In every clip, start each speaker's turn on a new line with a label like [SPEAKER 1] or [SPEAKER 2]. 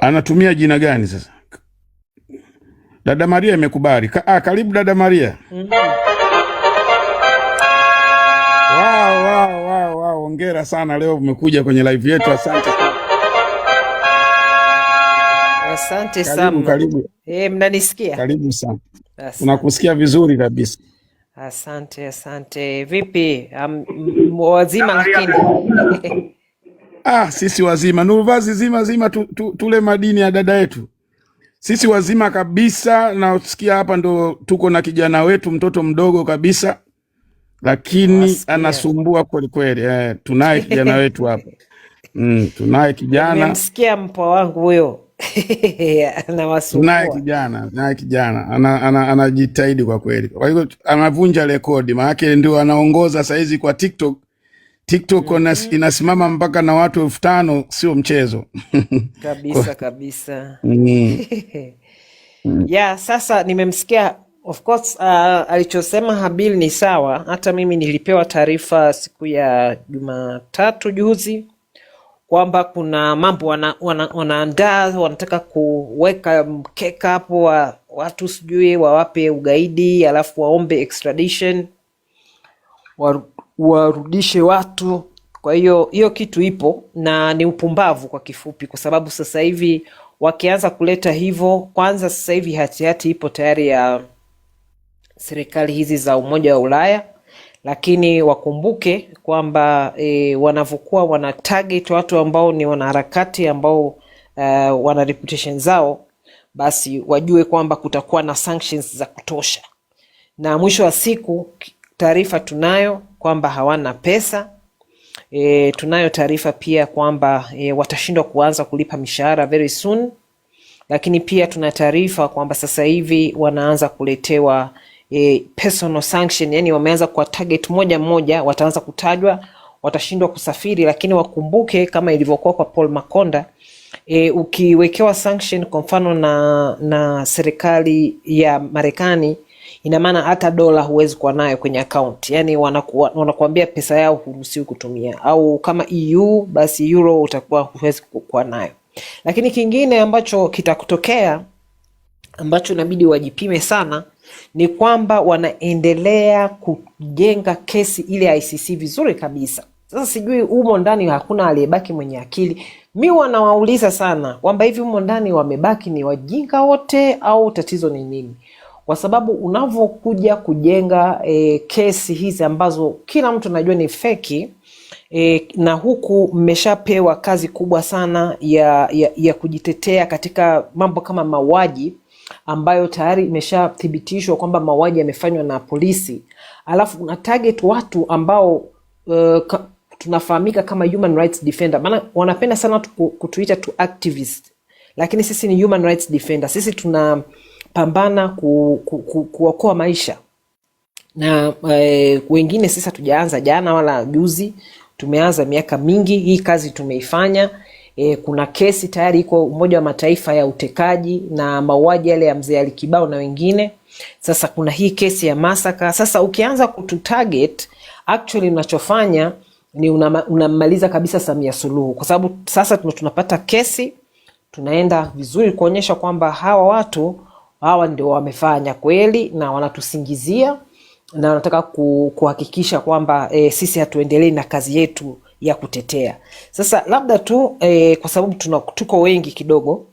[SPEAKER 1] anatumia jina gani sasa? Dada Maria imekubali Ka, ah, karibu dada Maria. mm -hmm. Wow, wow, wow, wow. Hongera sana leo umekuja kwenye live yetu, asante sana.
[SPEAKER 2] Asante sana. Karibu. Eh, mnanisikia?
[SPEAKER 1] Karibu sana. Tunakusikia vizuri kabisa.
[SPEAKER 2] Asante, asante. Vipi? Um, wazima lakini
[SPEAKER 1] Ah, sisi wazima Nurvazi zima zima tu, tu, tule madini ya dada yetu sisi wazima kabisa. Nasikia hapa ndo tuko na kijana wetu mtoto mdogo kabisa, lakini Wasikia. anasumbua kwelikweli eh, tunaye kijana wetu hapa mm, tunaye kijana
[SPEAKER 2] msikia mpwa wangu huyo naye
[SPEAKER 1] kijana naye kijana anajitahidi ana, ana, ana kwa kweli, kwa hiyo anavunja rekodi, maanake ndio anaongoza saizi kwa TikTok TikTok mm -hmm. inasimama mpaka na watu elfu tano sio mchezo
[SPEAKER 2] kabisa kabisa mm. yeah, sasa nimemsikia of course uh, alichosema Habil ni sawa. Hata mimi nilipewa taarifa siku ya Jumatatu juzi kwamba kuna mambo wanaandaa wana, wana wanataka kuweka mkeka hapo wa watu sijui wawape ugaidi alafu waombe extradition warudishe watu. Kwa hiyo hiyo kitu ipo na ni upumbavu kwa kifupi, kwa sababu sasa hivi wakianza kuleta hivyo, kwanza sasa hivi hatihati ipo tayari ya serikali hizi za Umoja wa Ulaya, lakini wakumbuke kwamba e, wanavyokuwa wana target watu ambao ni wanaharakati ambao uh, wana reputation zao, basi wajue kwamba kutakuwa na sanctions za kutosha, na mwisho wa siku taarifa tunayo kwamba hawana pesa. E, tunayo taarifa pia kwamba e, watashindwa kuanza kulipa mishahara very soon, lakini pia tuna taarifa kwamba sasa hivi wanaanza kuletewa e, personal sanction, yani wameanza kwa target moja moja, wataanza kutajwa, watashindwa kusafiri, lakini wakumbuke kama ilivyokuwa kwa Paul Makonda e, ukiwekewa sanction kwa mfano na, na serikali ya Marekani ina maana hata dola huwezi kuwa nayo kwenye akaunti, yani wanakuwa, wanakuambia pesa yao huruhusiwi kutumia, au kama EU basi euro utakuwa huwezi kuwa nayo. Lakini kingine ambacho kitakutokea ambacho inabidi wajipime sana ni kwamba wanaendelea kujenga kesi ile ICC vizuri kabisa. Sasa sijui umo ndani hakuna aliyebaki mwenye akili. Mi wanawauliza sana kwamba hivi umo ndani wamebaki ni wajinga wote au tatizo ni nini? kwa sababu unavyokuja kujenga e, kesi hizi ambazo kila mtu anajua ni feki e, na huku mmeshapewa kazi kubwa sana ya, ya, ya kujitetea katika mambo kama mauaji ambayo tayari imeshathibitishwa kwamba mauaji yamefanywa na polisi, alafu una target watu ambao uh, ka, tunafahamika kama human rights defender, maana wanapenda sana kutuita tu activist, lakini sisi ni human rights defender. Sisi tuna pambana ku, ku, ku, kuokoa maisha na e, wengine sisi hatujaanza jana wala juzi, tumeanza miaka mingi. Hii kazi tumeifanya. E, kuna kesi tayari iko Umoja wa Mataifa ya utekaji na mauaji yale ya mzee alikibao na wengine. Sasa kuna hii kesi ya masaka. Sasa ukianza kutu target actually unachofanya ni unammaliza una kabisa Samia Suluhu, kwa sababu sasa tunapata kesi, tunaenda vizuri kuonyesha kwamba hawa watu hawa ndio wamefanya kweli na wanatusingizia na wanataka kuhakikisha kwamba e, sisi hatuendelei na kazi yetu ya kutetea. Sasa labda tu e, kwa sababu tuna, tuko wengi kidogo,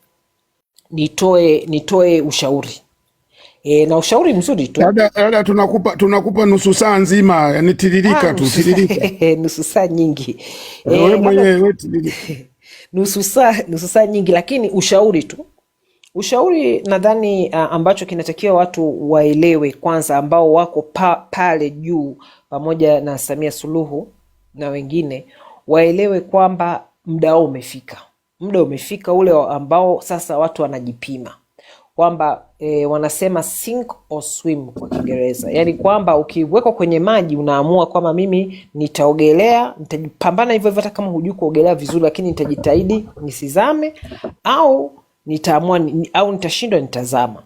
[SPEAKER 2] nitoe nitoe ushauri e, na ushauri mzuri tu
[SPEAKER 1] labda yaani, yaani tunakupa, tunakupa nusu saa nzima, yani tiririka ah, tu tiririka,
[SPEAKER 2] nusu saa nyingi
[SPEAKER 1] e,
[SPEAKER 2] nusu saa nyingi, lakini ushauri tu Ushauri nadhani uh, ambacho kinatakiwa watu waelewe kwanza, ambao wako pa, pale juu pamoja na Samia Suluhu na wengine waelewe kwamba muda wao umefika, muda umefika ule ambao sasa watu wanajipima kwamba e, wanasema sink or swim kwa Kiingereza, yaani kwamba ukiwekwa kwenye maji unaamua kwamba mimi nitaogelea, nitajipambana hivyo hivyo, hata kama hujui kuogelea vizuri, lakini nitajitahidi nisizame au nitaamua ni, au nitashindwa, nitazama.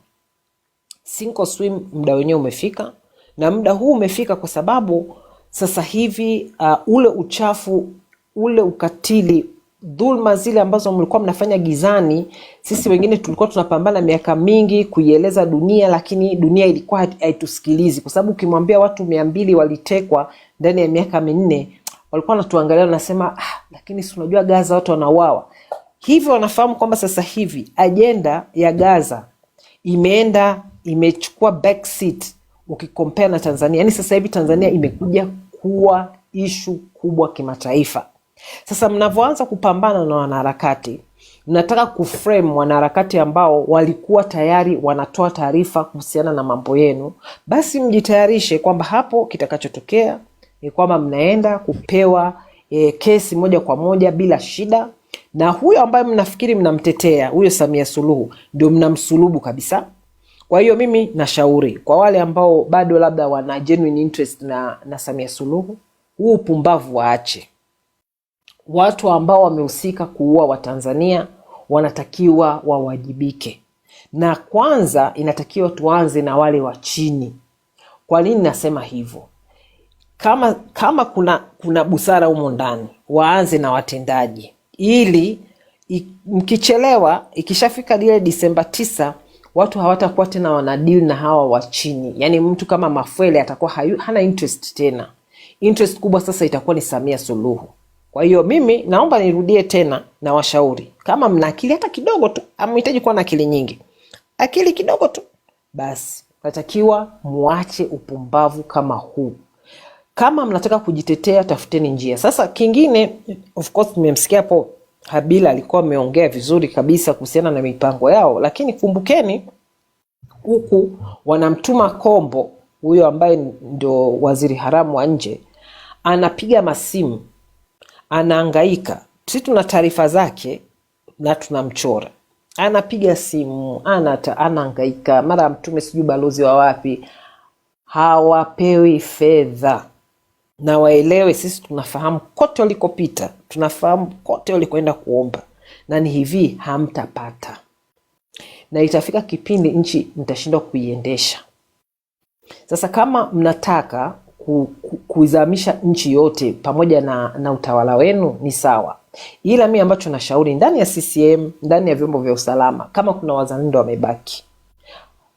[SPEAKER 2] Sink or swim, muda wenyewe umefika, na muda huu umefika kwa sababu sasa hivi uh, ule uchafu ule ukatili dhulma zile ambazo mlikuwa mnafanya gizani, sisi wengine tulikuwa tunapambana miaka mingi kuieleza dunia, lakini dunia ilikuwa haitusikilizi, kwa sababu ukimwambia watu mia mbili walitekwa ndani ya miaka minne, walikuwa wanatuangalia wanasema, ah, lakini si unajua Gaza watu wanauawa hivyo wanafahamu kwamba sasa hivi ajenda ya Gaza imeenda imechukua backseat ukikompea na Tanzania. Yaani sasa hivi Tanzania imekuja kuwa ishu kubwa kimataifa. Sasa mnavyoanza kupambana na wanaharakati, mnataka kuframe wanaharakati ambao walikuwa tayari wanatoa taarifa kuhusiana na mambo yenu, basi mjitayarishe kwamba hapo kitakachotokea ni kwamba mnaenda kupewa e, kesi moja kwa moja bila shida na huyo ambaye mnafikiri mnamtetea huyo Samia Suluhu ndio mnamsulubu kabisa. Kwa hiyo mimi nashauri kwa wale ambao bado labda wana genuine interest na, na Samia Suluhu, huo upumbavu waache. Watu ambao wamehusika kuua Watanzania wanatakiwa wawajibike, na kwanza inatakiwa tuanze na wale wa chini. Kwa nini nasema hivyo? Kama, kama kuna, kuna busara humo ndani, waanze na watendaji ili mkichelewa, ikishafika lile Disemba tisa watu hawatakuwa tena wanadili na hawa wa chini. Yaani mtu kama Mafwele atakuwa hayu, hana interest tena. Interest kubwa sasa itakuwa ni Samia Suluhu. Kwa hiyo mimi naomba nirudie tena na washauri, kama mna akili hata kidogo tu, amhitaji kuwa na akili nyingi, akili kidogo tu basi, natakiwa muache upumbavu kama huu. Kama mnataka kujitetea, tafuteni njia. Sasa kingine, of course, nimemsikia hapo Habila alikuwa ameongea vizuri kabisa kuhusiana na mipango yao, lakini kumbukeni, huku wanamtuma Kombo huyo ambaye ndio waziri haramu wa nje, anapiga masimu, anaangaika. si tuna taarifa zake na tunamchora, anapiga simu, anata, anaangaika, mara amtume sijui balozi wa wapi, hawapewi fedha na waelewe sisi tunafahamu kote walikopita, tunafahamu kote walikoenda kuomba, na ni hivi, hamtapata na itafika kipindi nchi mtashindwa kuiendesha. Sasa kama mnataka kuizamisha nchi yote pamoja na, na utawala wenu ni sawa, ila mi ambacho nashauri ndani ya CCM ndani ya vyombo vya usalama, kama kuna wazalendo wamebaki,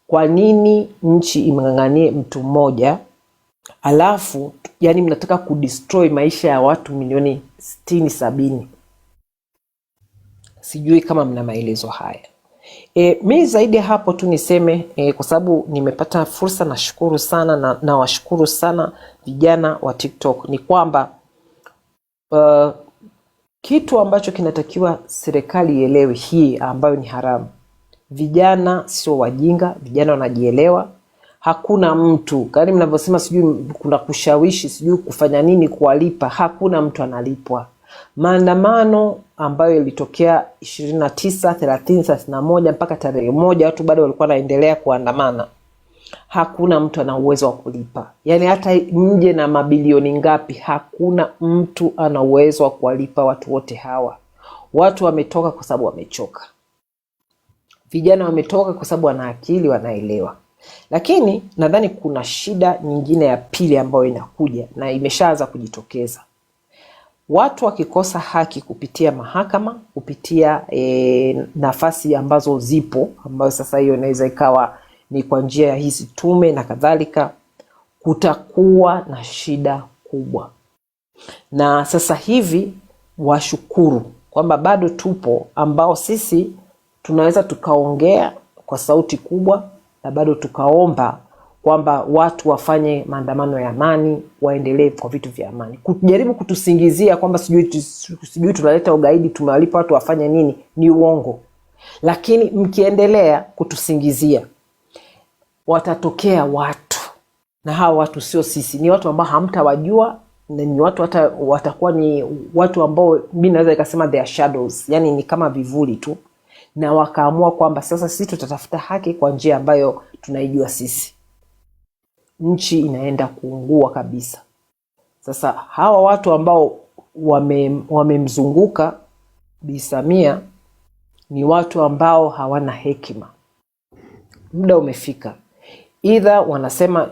[SPEAKER 2] kwa nini nchi imng'ang'anie mtu mmoja alafu yani mnataka kudestroy maisha ya watu milioni sitini sabini. Sijui kama mna maelezo haya. E, mi zaidi ya hapo tu niseme e, kwa sababu nimepata fursa, nashukuru sana na nawashukuru sana vijana wa TikTok ni kwamba uh, kitu ambacho kinatakiwa serikali ielewe hii ambayo ni haramu, vijana sio wajinga, vijana wanajielewa hakuna mtu kani mnavyosema, sijui kuna kushawishi, sijui kufanya nini kuwalipa, hakuna mtu analipwa. Maandamano ambayo ilitokea ishirini na tisa, thelathini, thelathini na moja mpaka tarehe moja, watu bado walikuwa wanaendelea kuandamana, hakuna mtu ana uwezo wa kulipa. Yani hata mje na mabilioni ngapi, hakuna mtu ana uwezo wa kuwalipa watu wote hawa. Watu wametoka kwa sababu wamechoka, vijana wametoka kwa sababu wana akili, wanaelewa lakini nadhani kuna shida nyingine ya pili ambayo inakuja na imeshaanza kujitokeza. Watu wakikosa haki kupitia mahakama, kupitia e, nafasi ambazo zipo, ambayo sasa hiyo inaweza ikawa ni kwa njia ya hizi tume na kadhalika, kutakuwa na shida kubwa. Na sasa hivi washukuru kwamba bado tupo ambao sisi tunaweza tukaongea kwa sauti kubwa na bado tukaomba kwamba watu wafanye maandamano ya amani, waendelee kwa vitu vya amani. Kujaribu kutusingizia kwamba sijui sijui tunaleta ugaidi, tumewalipa watu wafanye nini, ni uongo. Lakini mkiendelea kutusingizia, watatokea watu, na hawa watu sio sisi, ni watu ambao hamtawajua ni watu hata watakuwa ni watu ambao mi naweza ikasema they are shadows, yani ni kama vivuli tu na wakaamua kwamba sasa sisi tutatafuta haki kwa njia ambayo tunaijua sisi, nchi inaenda kuungua kabisa. Sasa hawa watu ambao wamemzunguka wame Bi Samia ni watu ambao hawana hekima. Muda umefika, idha wanasema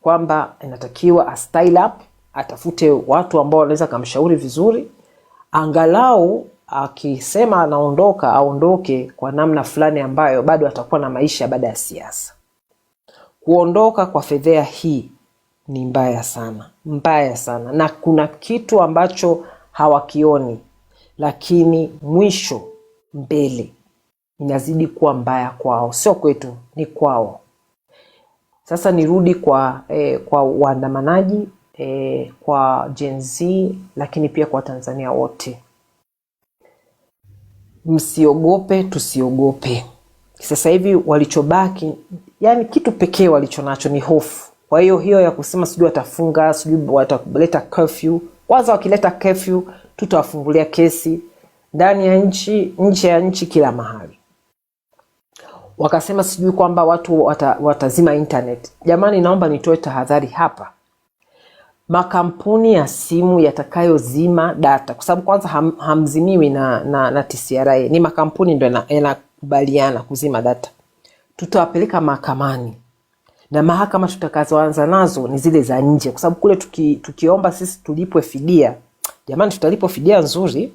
[SPEAKER 2] kwamba inatakiwa a style up, atafute watu ambao wanaweza kumshauri vizuri angalau akisema anaondoka aondoke kwa namna fulani ambayo bado atakuwa na maisha baada ya siasa. Kuondoka kwa fedhea hii ni mbaya sana, mbaya sana, na kuna kitu ambacho hawakioni, lakini mwisho mbele inazidi kuwa mbaya kwao, sio kwetu, ni kwao. Sasa nirudi kwa eh, kwa waandamanaji eh, kwa Gen Z, lakini pia kwa tanzania wote msiogope, tusiogope. Sasa hivi walichobaki, yani kitu pekee walichonacho ni hofu. Kwa hiyo hiyo ya kusema sijui watafunga, sijui wataleta curfew. Kwanza wakileta curfew, tutawafungulia kesi ndani ya nchi, nje ya nchi, kila mahali. Wakasema sijui kwamba watu wata, watazima internet. Jamani, naomba nitoe tahadhari hapa makampuni ya simu yatakayozima data, kwa sababu kwanza ham, hamzimiwi na, na, na TCRA, ni makampuni ndo yanakubaliana kuzima data, tutawapeleka mahakamani na mahakama tutakazoanza nazo ni zile za nje, kwa sababu kule tuki, tukiomba sisi tulipwe fidia, jamani, tutalipwa fidia nzuri,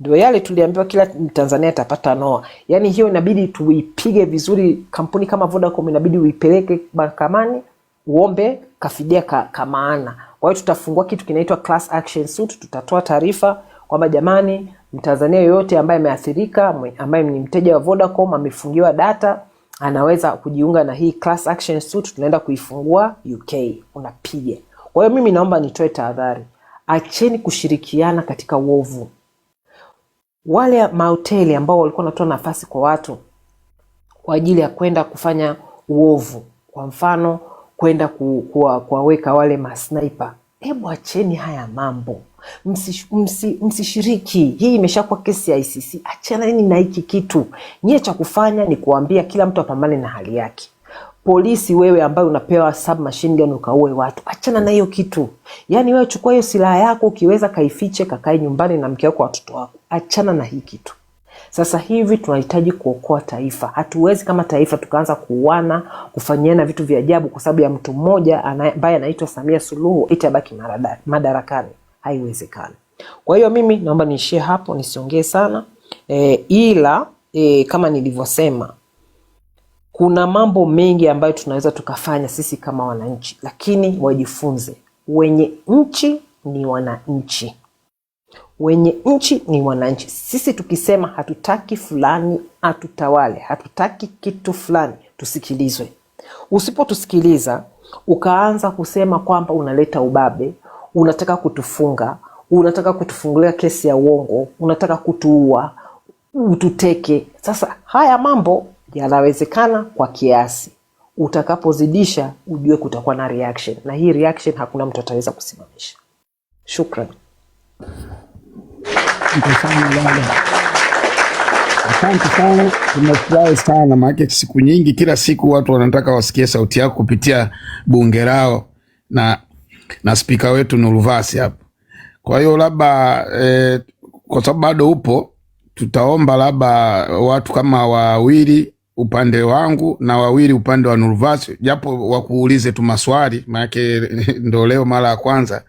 [SPEAKER 2] ndio yale tuliambiwa kila tanzania atapata noa. Yani hiyo inabidi tuipige vizuri. Kampuni kama Vodacom inabidi uipeleke mahakamani uombe kafidia ka, kamaana kwa hiyo tutafungua kitu kinaitwa class action suit. Tutatoa taarifa kwamba jamani, Mtanzania yoyote ambaye ameathirika, ambaye ni mteja wa Vodacom amefungiwa data, anaweza kujiunga na hii class action suit. Tunaenda kuifungua UK, unapiga. Kwa hiyo mimi naomba nitoe tahadhari, acheni kushirikiana katika uovu. Wale mahoteli ambao walikuwa wanatoa nafasi kwa watu kwa ajili ya kwenda kufanya uovu, kwa mfano kwenda kuwaweka wale masniper. Hebu acheni haya mambo, msishiriki msi, msi. Hii imeshakuwa kesi ya ICC. Achaneni na hiki kitu. Nyie cha kufanya ni kuambia kila mtu apambane na hali yake. Polisi wewe ambaye unapewa submachine gun ukaue watu, achana na hiyo kitu. Yaani wewe chukua hiyo silaha yako, ukiweza kaifiche, kakae nyumbani na mke wako, watoto wako. Achana na hii kitu. Sasa hivi tunahitaji kuokoa taifa. Hatuwezi kama taifa tukaanza kuuana, kufanyiana vitu vya ajabu kwa sababu ya mtu mmoja ambaye anaitwa Samia Suluhu eti abaki madarakani. Haiwezekani. Kwa hiyo mimi naomba niishie hapo, nisiongee sana e, ila e, kama nilivyosema kuna mambo mengi ambayo tunaweza tukafanya sisi kama wananchi, lakini wajifunze wenye nchi ni wananchi wenye nchi ni wananchi. Sisi tukisema hatutaki fulani atutawale, hatutaki kitu fulani, tusikilizwe. Usipotusikiliza ukaanza kusema kwamba unaleta ubabe, unataka kutufunga, unataka kutufungulia kesi ya uongo, unataka kutuua, ututeke. Sasa haya mambo yanawezekana kwa kiasi. Utakapozidisha ujue kutakuwa na reaction, na hii reaction hakuna mtu ataweza kusimamisha. Shukran.
[SPEAKER 1] Asante sana baba, asante sana, tumefurahi sana maana siku nyingi, kila siku watu wanataka wasikie sauti yako kupitia bunge lao na, na spika wetu Nuruvasi hapa. Kwa hiyo labda eh, kwa sababu bado upo, tutaomba labda watu kama wawili upande wangu na wawili upande wa Nuruvasi, japo wakuulize tu maswali maanake ndo leo mara ya kwanza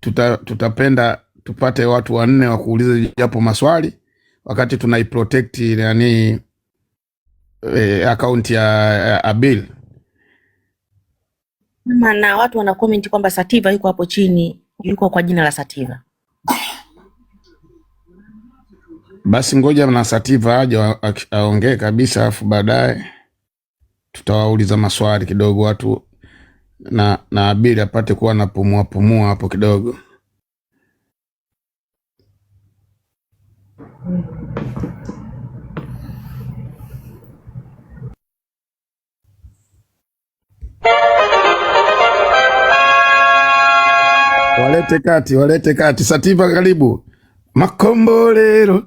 [SPEAKER 1] tuta, tutapenda tupate watu wanne wa kuuliza japo maswali wakati iprotect yani e, akaunti ya, ya,
[SPEAKER 2] ya watu wana comment kwamba Sativa yuko hapo chini, yuko kwa jina la Sativa.
[SPEAKER 1] Basi ngoja na Sativa aje aongee kabisa, afu baadaye tutawauliza maswali kidogo watu na na Abili apate kuwa napumua pumua hapo kidogo. Walete kati, walete kati. Sativa, karibu makombolero.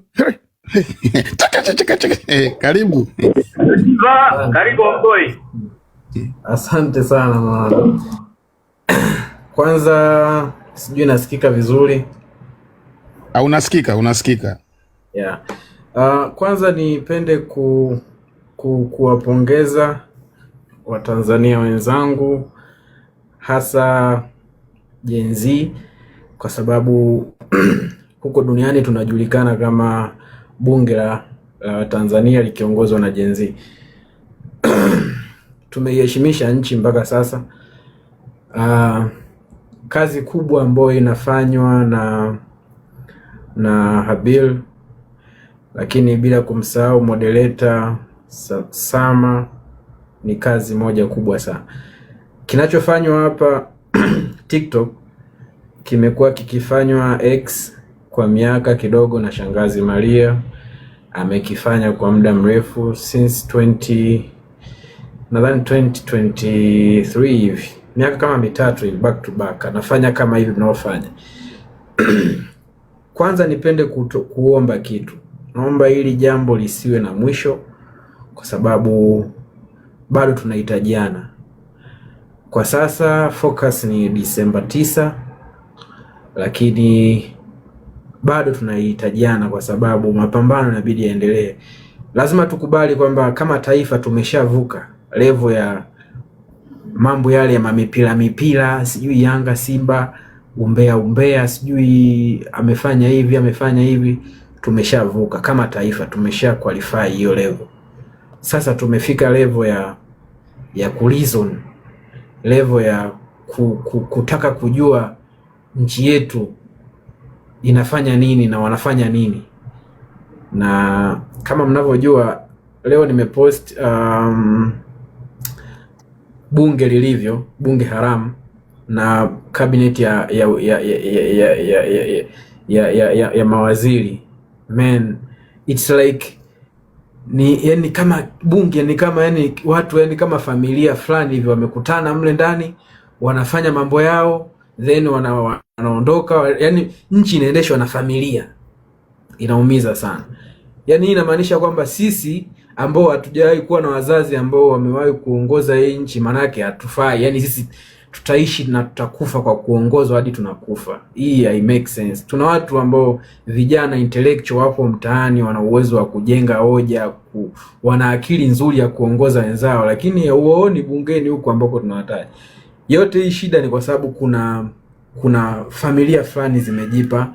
[SPEAKER 1] Karibu, karibu
[SPEAKER 3] Mgoi. Asante sana mwana. Kwanza sijui nasikika vizuri,
[SPEAKER 1] unasikika? Unasikika
[SPEAKER 3] Yeah. Uh, kwanza nipende ku, ku, kuwapongeza Watanzania wenzangu hasa Gen Z kwa sababu huko duniani tunajulikana kama bunge la uh, Tanzania likiongozwa na Gen Z. Tumeiheshimisha nchi mpaka sasa. Uh, kazi kubwa ambayo inafanywa na na Habil lakini bila kumsahau modeleta Sama, ni kazi moja kubwa sana. Kinachofanywa hapa TikTok kimekuwa kikifanywa X kwa miaka kidogo, na shangazi Maria amekifanya kwa muda mrefu since 20 nadhani 2023 hivi, miaka kama mitatu hivi, back to back anafanya kama hivi mnaofanya. Kwanza nipende kuto, kuomba kitu Naomba hili jambo lisiwe na mwisho, kwa sababu bado tunahitajiana. Kwa sasa focus ni Disemba tisa, lakini bado tunahitajiana kwa sababu mapambano inabidi yaendelee. Lazima tukubali kwamba kama taifa tumeshavuka levo ya mambo yale ya mamipira mipira, sijui Yanga Simba, umbea umbea, sijui amefanya hivi amefanya hivi tumeshavuka kama taifa, tumesha qualify hiyo level. Sasa tumefika level ya ya kulizon, level ya ku, ku, kutaka kujua nchi yetu inafanya nini na wanafanya nini, na kama mnavyojua leo nimepost um, bunge lilivyo, bunge haramu na kabineti ya ya ya ya ya, ya, ya, ya, ya, ya, ya mawaziri man it's like ni yani kama bunge ni kama yani watu yani kama familia fulani hivi wamekutana mle ndani wanafanya mambo yao then wana, wanaondoka yani nchi inaendeshwa na familia. Inaumiza sana yani, hii inamaanisha kwamba sisi ambao hatujawahi kuwa na wazazi ambao wamewahi kuongoza hii nchi, maanake hatufai yani sisi tutaishi na tutakufa kwa kuongozwa hadi tunakufa. Hii hai make sense. Tuna watu ambao vijana intellectual wapo mtaani, wana uwezo wa kujenga hoja ku, wana akili nzuri ya kuongoza wenzao, lakini uwaoni bungeni huko ambako tunawataja. Yote hii shida ni kwa sababu kuna kuna familia fulani zimejipa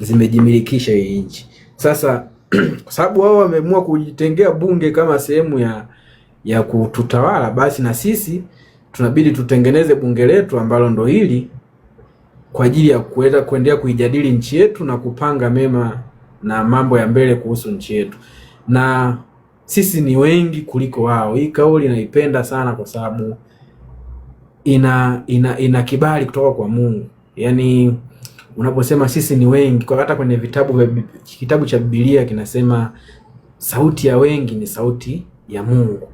[SPEAKER 3] zimejimilikisha hii nchi sasa kwa sababu wao wameamua kujitengea bunge kama sehemu ya ya kututawala, basi na sisi tunabidi tutengeneze bunge letu ambalo ndo hili kwa ajili ya kuweza kuendelea kuijadili nchi yetu na kupanga mema na mambo ya mbele kuhusu nchi yetu, na sisi ni wengi kuliko wao. Hii kauli naipenda sana kwa sababu ina, ina ina kibali kutoka kwa Mungu. Yaani unaposema sisi ni wengi, kwa hata kwenye vitabu kitabu cha Biblia kinasema sauti ya wengi ni sauti ya Mungu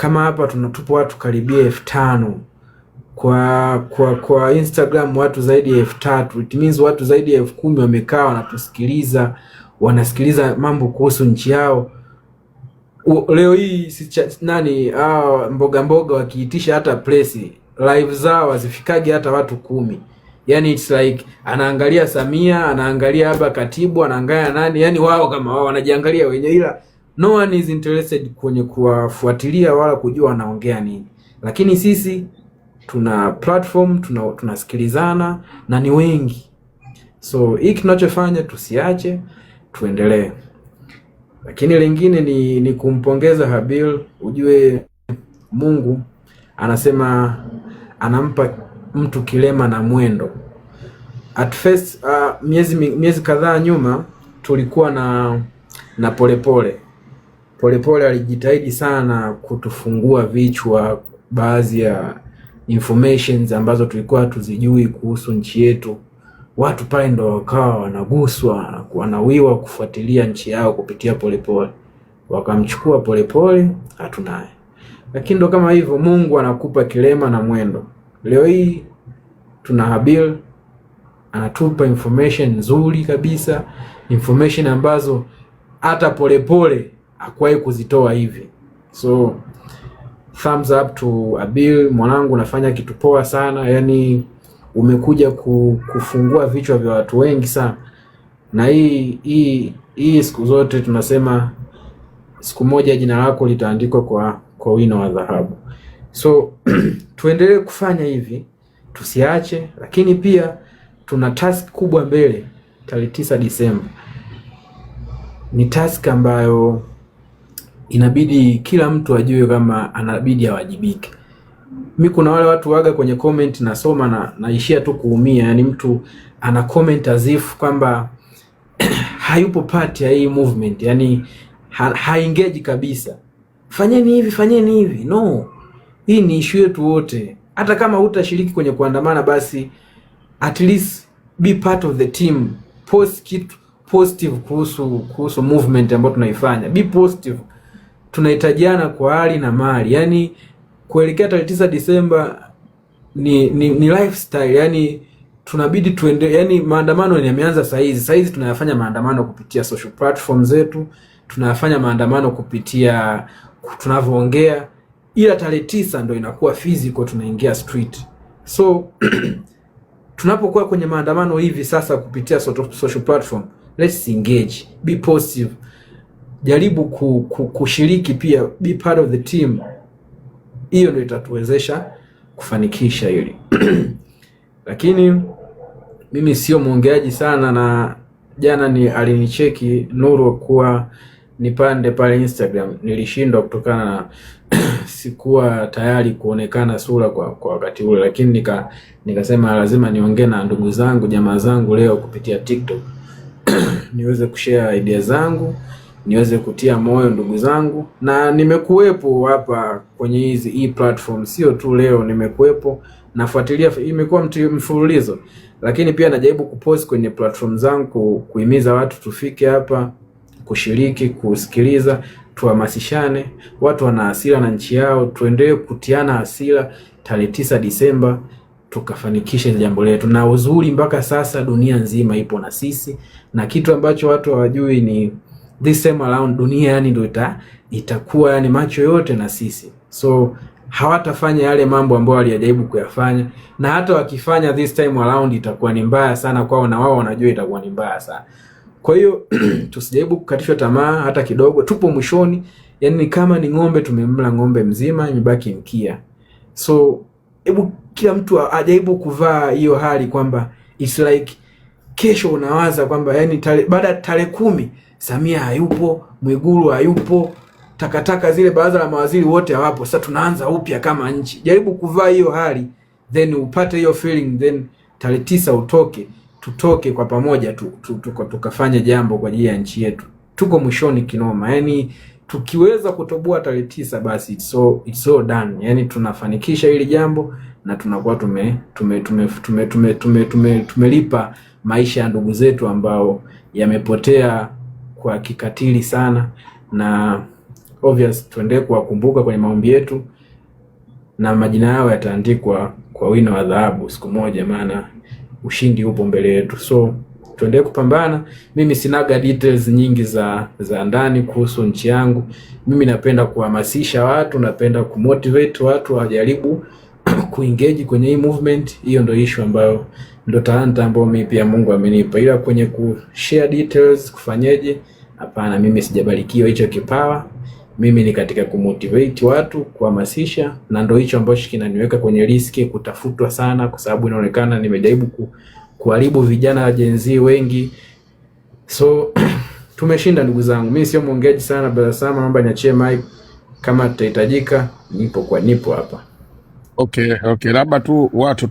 [SPEAKER 3] kama hapa tunatupa watu karibia elfu tano kwa kwa kwa Instagram watu zaidi ya elfu tatu it means watu zaidi ya elfu kumi wamekaa wanatusikiliza, wanasikiliza mambo kuhusu nchi yao. Leo hii si nani ah, mboga mboga wakiitisha hata press live zao hazifikagi hata watu kumi. Yani it's like anaangalia Samia, anaangalia haba katibu, anaangalia nani, yani wao kama wao wanajiangalia wenyewe, ila no one is interested kwenye kuwafuatilia wala kujua wanaongea nini, lakini sisi tuna platform, tuna tunasikilizana na ni wengi. So hii tunachofanya tusiache, tuendelee. Lakini lingine ni, ni kumpongeza Habil. Ujue Mungu anasema anampa mtu kilema na mwendo. At first, uh, miezi miezi kadhaa nyuma tulikuwa na na polepole pole. Polepole walijitahidi sana kutufungua vichwa baadhi ya informations ambazo tulikuwa tuzijui kuhusu nchi yetu. Watu pale ndo wakawa wanaguswa, wanawiwa kufuatilia nchi yao kupitia Polepole, wakamchukua Polepole hatunaye. Lakini ndo kama hivyo, Mungu anakupa kilema na mwendo. Leo hii tuna Habil anatupa information nzuri kabisa, information ambazo hata Polepole hakuwahi kuzitoa hivi. So thumbs up to Abil, mwanangu, unafanya kitu poa sana, yani umekuja kufungua vichwa vya watu wengi sana, na hii hii hii, siku zote tunasema siku moja jina lako litaandikwa kwa kwa wino wa dhahabu. So tuendelee kufanya hivi, tusiache, lakini pia tuna task kubwa mbele tarehe 9 Disemba. Ni task ambayo inabidi kila mtu ajue kama anabidi awajibike. Mi kuna wale watu waga kwenye comment nasoma na naishia tu kuumia, yani mtu ana comment azifu kwamba hayupo part ya hii movement, yani haingeji ha, kabisa. Fanyeni hivi fanyeni hivi, no. Hii ni issue yetu wote, hata kama hutashiriki kwenye kuandamana, basi at least be part of the team, post kitu positive kuhusu kuhusu movement ambayo tunaifanya, be positive tunahitajiana kwa hali na mali. Yaani kuelekea tarehe tisa Disemba ni, ni, ni lifestyle yani tunabidi tuende, yani maandamano yameanza saa hizi. Saa hizi tunayafanya maandamano kupitia social platform zetu, tunayafanya maandamano kupitia tunavyoongea, ila tarehe tisa ndo inakuwa physical, tunaingia street. So tunapokuwa kwenye maandamano hivi sasa kupitia social platform, let's engage, be positive jaribu ku, ku, kushiriki pia, be part of the team. Hiyo ndio itatuwezesha kufanikisha hili lakini mimi sio mwongeaji sana, na jana ni alinicheki Nuru kuwa nipande pale Instagram, nilishindwa kutokana na sikuwa tayari kuonekana sura kwa, kwa wakati ule, lakini nika nikasema lazima niongee na ndugu zangu jamaa zangu leo kupitia TikTok niweze kushare idea zangu niweze kutia moyo ndugu zangu, na nimekuwepo hapa kwenye hizi hii e platform, sio tu leo, nimekuwepo nafuatilia, imekuwa mfululizo, lakini pia najaribu kupost kwenye platform zangu, kuhimiza watu tufike hapa kushiriki, kusikiliza, tuhamasishane. Watu wana hasira na nchi yao, tuendelee kutiana hasira. Tarehe tisa Disemba tukafanikisha jambo letu, na uzuri mpaka sasa dunia nzima ipo na sisi, na kitu ambacho watu hawajui ni this time around dunia yani ndio ita, itakuwa yani macho yote na sisi, so hawatafanya yale mambo ambayo walijaribu kuyafanya, na hata wakifanya this time around itakuwa ni mbaya sana kwao, na wao wanajua itakuwa ni mbaya sana. Kwa hiyo tusijaribu kukatishwa tamaa hata kidogo, tupo mwishoni. Yani kama ni ng'ombe, tumemla ng'ombe mzima, imebaki mkia. So hebu kila mtu ajaribu kuvaa hiyo hali kwamba it's like kesho unawaza kwamba yani tale, baada ya tarehe kumi Samia hayupo, Mwigulu hayupo, takataka zile baraza la mawaziri wote hawapo. Sasa tunaanza upya kama nchi. Jaribu kuvaa hiyo hali then upate hiyo feeling then tarehe tisa utoke, tutoke kwa pamoja tu, tu, tu, tu, tukafanya jambo kwa ajili ya nchi yetu. Tuko mwishoni kinoma, yani tukiweza kutoboa tarehe tisa basi it's all, it's all done. Yani tunafanikisha hili jambo na tunakuwa tume tume tume tume tume tumelipa tume, tume, tume, tume maisha ya ndugu zetu ambao yamepotea kwa kikatili sana, na obvious tuendelee kuwakumbuka kwenye maombi yetu na majina yao yataandikwa kwa wino wa dhahabu siku moja, maana ushindi upo mbele yetu. So tuendelee kupambana. Mimi sinaga details nyingi za za ndani kuhusu nchi yangu. Mimi napenda kuhamasisha watu, napenda kumotivate watu wajaribu kuengage kwenye hii movement hiyo, ndio issue ambayo ndio talanta ambayo mimi pia Mungu amenipa, ila kwenye ku share details kufanyeje, hapana, mimi sijabarikiwa hicho kipawa. Mimi ni katika kumotivate watu, kuhamasisha, na ndio hicho ambacho kinaniweka kwenye riski kutafutwa sana, kwa sababu inaonekana nimejaribu ku, kuharibu vijana wa Gen Z wengi, so tumeshinda ndugu zangu. Mimi sio mwongeaji sana, brother Sama, naomba niachie mic kama tutahitajika. Nipo kwa nipo hapa. Okay, okay, labda tu watu tu